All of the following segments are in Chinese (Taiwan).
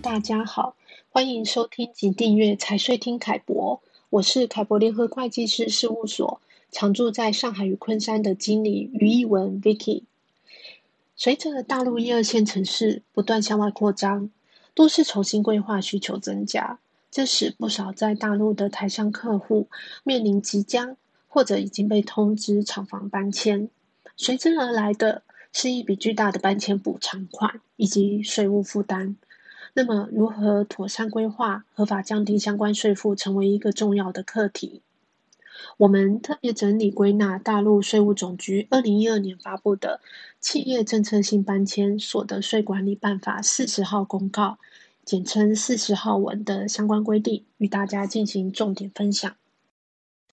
大家好，歡迎收聽及訂閱財稅聽凱博。我是凱博聯合會計師事務所常駐在上海與昆山的經理於一文 Vicky。隨着大陸一二線城市不斷向外擴張，都市重新規劃需求增加，這使不少在大陸的台商客戶面臨即將或者已經被通知廠房搬遷。隨之而來的是一筆巨大的搬遷補償款以及稅務負擔。那麼，如何妥善規劃、合法降低相關稅負，成為一個重要的課題。我們特別整理歸納大陸稅務總局二零一二年發布的《企業政策性搬遷所得稅管理辦法》四十號公告（簡稱“四十號文”的相關規定，與大家進行重點分享。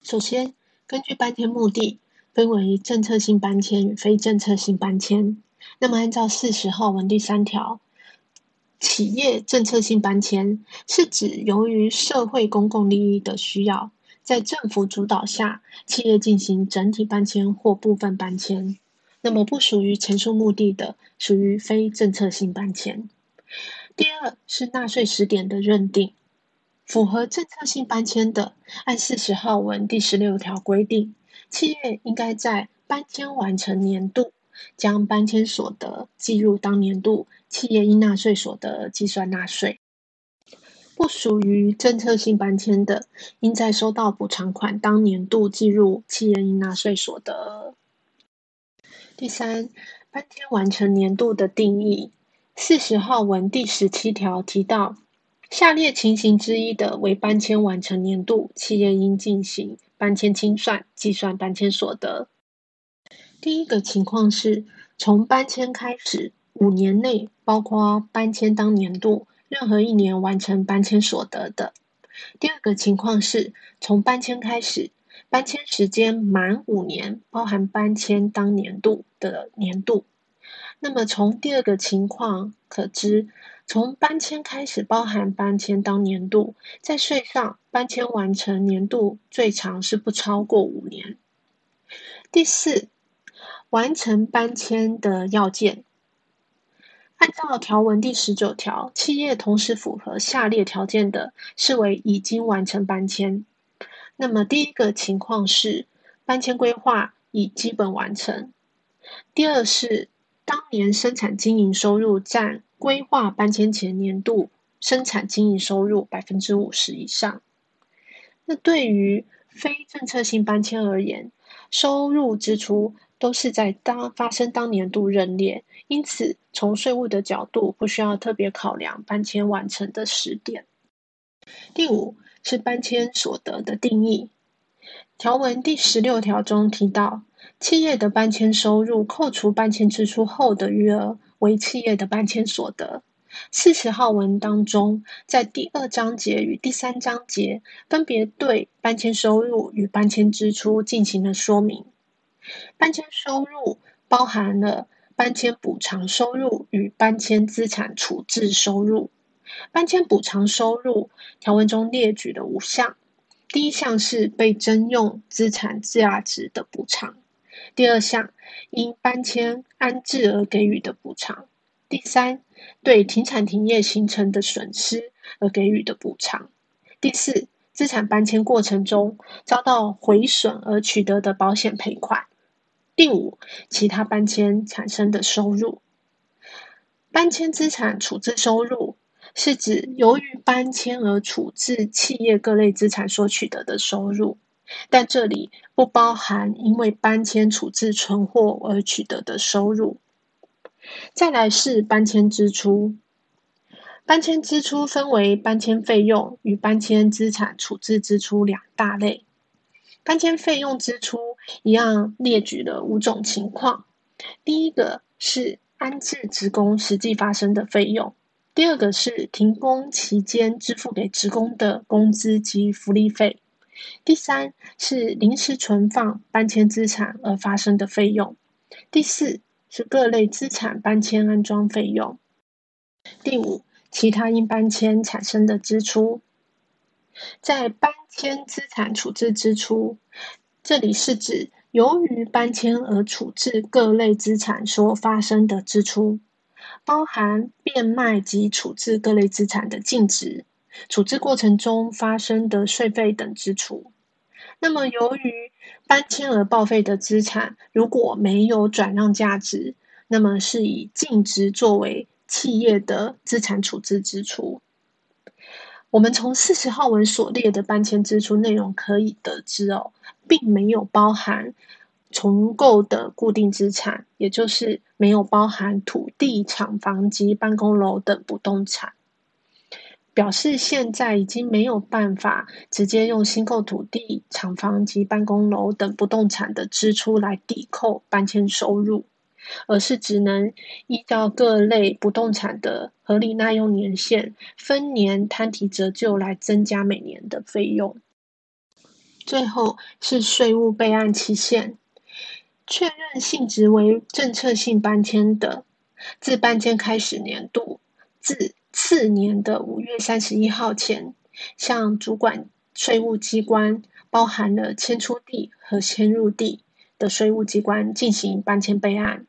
首先，根據搬遷目的，分為政策性搬遷與非政策性搬遷。那麼，按照四十號文第三條。企業政策性搬遷是指由於社會公共利益的需要，在政府主導下，企業進行整體搬遷或部分搬遷。那麼不屬於前述目的的，屬於非政策性搬遷。第二是納稅時點的認定，符合政策性搬遷的，按四十號文第十六條規定，企業應該在搬遷完成年度。將搬遷所得計入當年度企業應納稅所得計算納稅。不屬於政策性搬遷的，應在收到補償款當年度計入企業應納稅所得。第三，搬遷完成年度的定義。四十號文第十七條提到，下列情形之一的為搬遷完成年度，企業應進行搬遷清算，計算搬遷所得。第一個情況是，從搬遷開始五年內，包括搬遷當年度任何一年完成搬遷所得的。第二個情況是，從搬遷開始，搬遷時間滿五年，包含搬遷當年度的年度。那麼從第二個情況可知，從搬遷開始包含搬遷當年度，在稅上搬遷完成年度最長是不超過五年。第四。完成搬遷的要件，按照條文第十九條，企業同時符合下列條件的，視為已經完成搬遷。那麼第一個情況是，搬遷規劃已基本完成；第二是當年生產經營收入佔規劃搬遷前年度生產經營收入百分之五十以上。那對於非政策性搬遷而言，收入支出。都是在當發生當年度認列，因此從稅務的角度不需要特別考量搬遷完成的時點。第五是搬遷所得的定義。條文第十六條中提到，企業的搬遷收入扣除搬遷支出後的餘額為企業的搬遷所得。四十號文當中，在第二章節與第三章節分別對搬遷收入與搬遷支出進行了說明。搬遷收入包含了搬遷補償收入與搬遷資產處置收入。搬遷補償收入條文中列舉了五項：第一項是被徵用資產價值的補償；第二項因搬遷安置而給予的補償；第三對停產停業形成的損失而給予的補償；第四資產搬遷過程中遭到毀損而取得的保險賠款。第五，其他搬遷產生的收入。搬遷資產處置收入是指由於搬遷而處置企業各類資產所取得的收入，但這裡不包含因為搬遷處置存貨而取得的收入。再來是搬遷支出，搬遷支出分為搬遷費用與搬遷資產處置支出兩大類。搬遷費用支出。一樣列舉了五種情況，第一個是安置職工實際發生的費用，第二個是停工期間支付給職工的工資及福利費，第三是臨時存放搬遷資產而發生的費用，第四是各類資產搬遷安裝費用，第五，其他因搬遷產生的支出，在搬遷資產處置支出。這裡是指由於搬遷而處置各類資產所發生的支出，包含變賣及處置各類資產的淨值，處置過程中發生的稅費等支出。那麼，由於搬遷而報廢的資產如果沒有轉讓價值，那麼是以淨值作為企業的資產處置支出。我們從四十號文所列的搬遷支出內容可以得知哦，並沒有包含重購的固定資產，也就是沒有包含土地、廠房及辦公樓等不動產，表示現在已經沒有辦法直接用新購土地、廠房及辦公樓等不動產的支出來抵扣搬遷收入。而是只能依照各類不動產的合理耐用年限分年攤提折舊來增加每年的費用。最後是稅務備案期限，確認性質為政策性搬遷的，自搬遷開始年度，至次年的五月三十一號前，向主管稅務機關（包含了遷出地和遷入地的稅務機關）進行搬遷備案。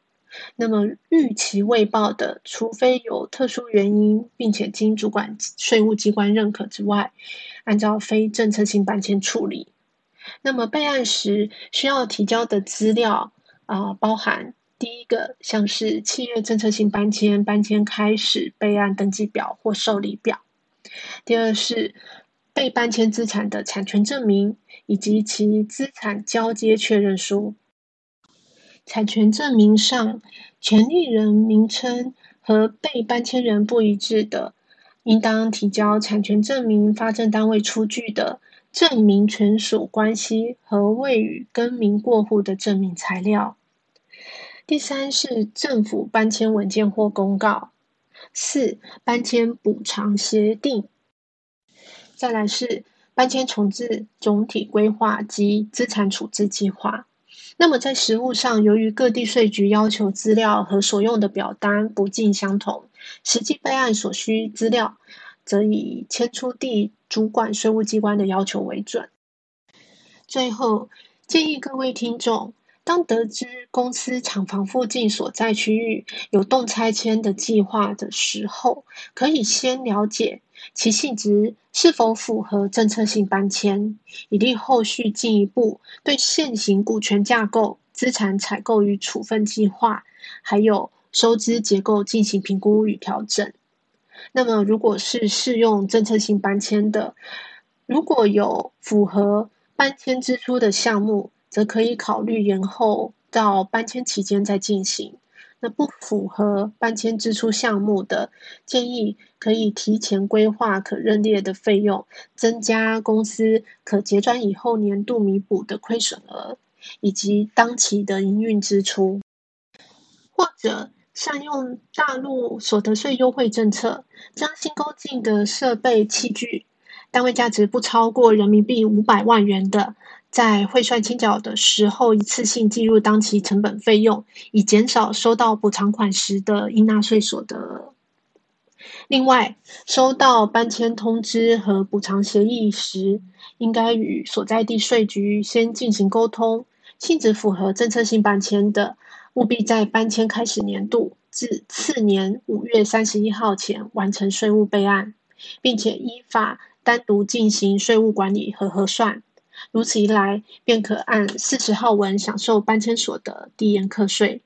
那麼逾期未報的，除非有特殊原因，並且經主管稅務機關認可之外，按照非政策性搬遷處理。那麼備案時需要提交的資料啊、呃，包含第一個像是企業政策性搬遷搬遷開始備案登記表或受理表；第二是被搬遷資產的產權證明以及其資產交接確認書。產權證明上權利人名稱和被搬遷人不一致的，應當提交產權證明發證單位出具的證明權屬關係和未予更名過戶的證明材料。第三是政府搬遷文件或公告。四、搬遷補償協定。再來是搬遷重置總體規劃及資產處置計劃。那麼在實務上，由於各地稅局要求資料和所用的表單不盡相同，實際備案所需資料，則以遷出地主管稅務機關的要求為準。最後，建議各位聽眾，當得知公司廠房附近所在區域有動拆遷的計劃的時候，可以先了解，其性質是否符合政策性搬遷，以利後續進一步對現行股權架構、資產採購與處分計劃，還有收支結構進行評估與調整。那麼，如果是適用政策性搬遷的，如果有符合搬遷支出的項目，則可以考慮延後到搬遷期間再進行。那不符合搬遷支出項目的，建議可以提前規劃可認列的費用，增加公司可結轉以後年度彌補的虧損額，以及當期的營運支出，或者善用大陸所得稅優惠政策，將新購進的設備器具，單位價值不超過人民幣五百萬元的，在匯算清繳的時候，一次性計入當期成本費用，以減少收到補償款時的應納稅所得。另外，收到搬遷通知和補償協議時，應該與所在地稅局先進行溝通，性質符合政策性搬遷的，務必在搬遷開始年度至次年五月三十一號前完成稅務備案，並且依法單獨進行稅務管理和核算。如此一來，便可按四十號文，享受搬遷所得遞延課稅。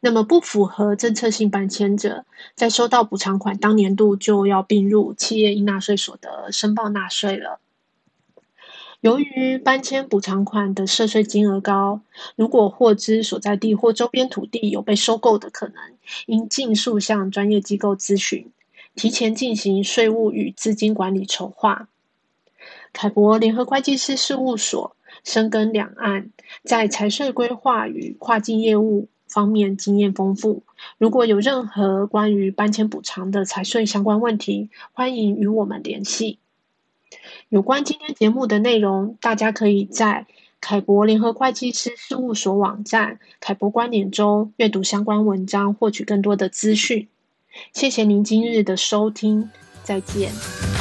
那麼不符合政策性搬遷者，在收到補償款當年度就要併入企業應納稅所得申報納稅了。由於搬遷補償款的涉稅金額高，如果獲知所在地或周邊土地有被收購的可能，應儘速向專業機構諮詢，提前進行稅務與資金管理籌劃。凱博聯合會計師事務所深耕兩岸，在財稅規劃與跨境業務方面經驗豐富。如果有任何關於搬遷補償的財稅相關問題，歡迎與我們聯繫。有關今天節目的內容，大家可以在凱博聯合會計師事務所網站「凱博觀點」中閱讀相關文章，獲取更多的資訊。謝謝您今日的收聽，再見。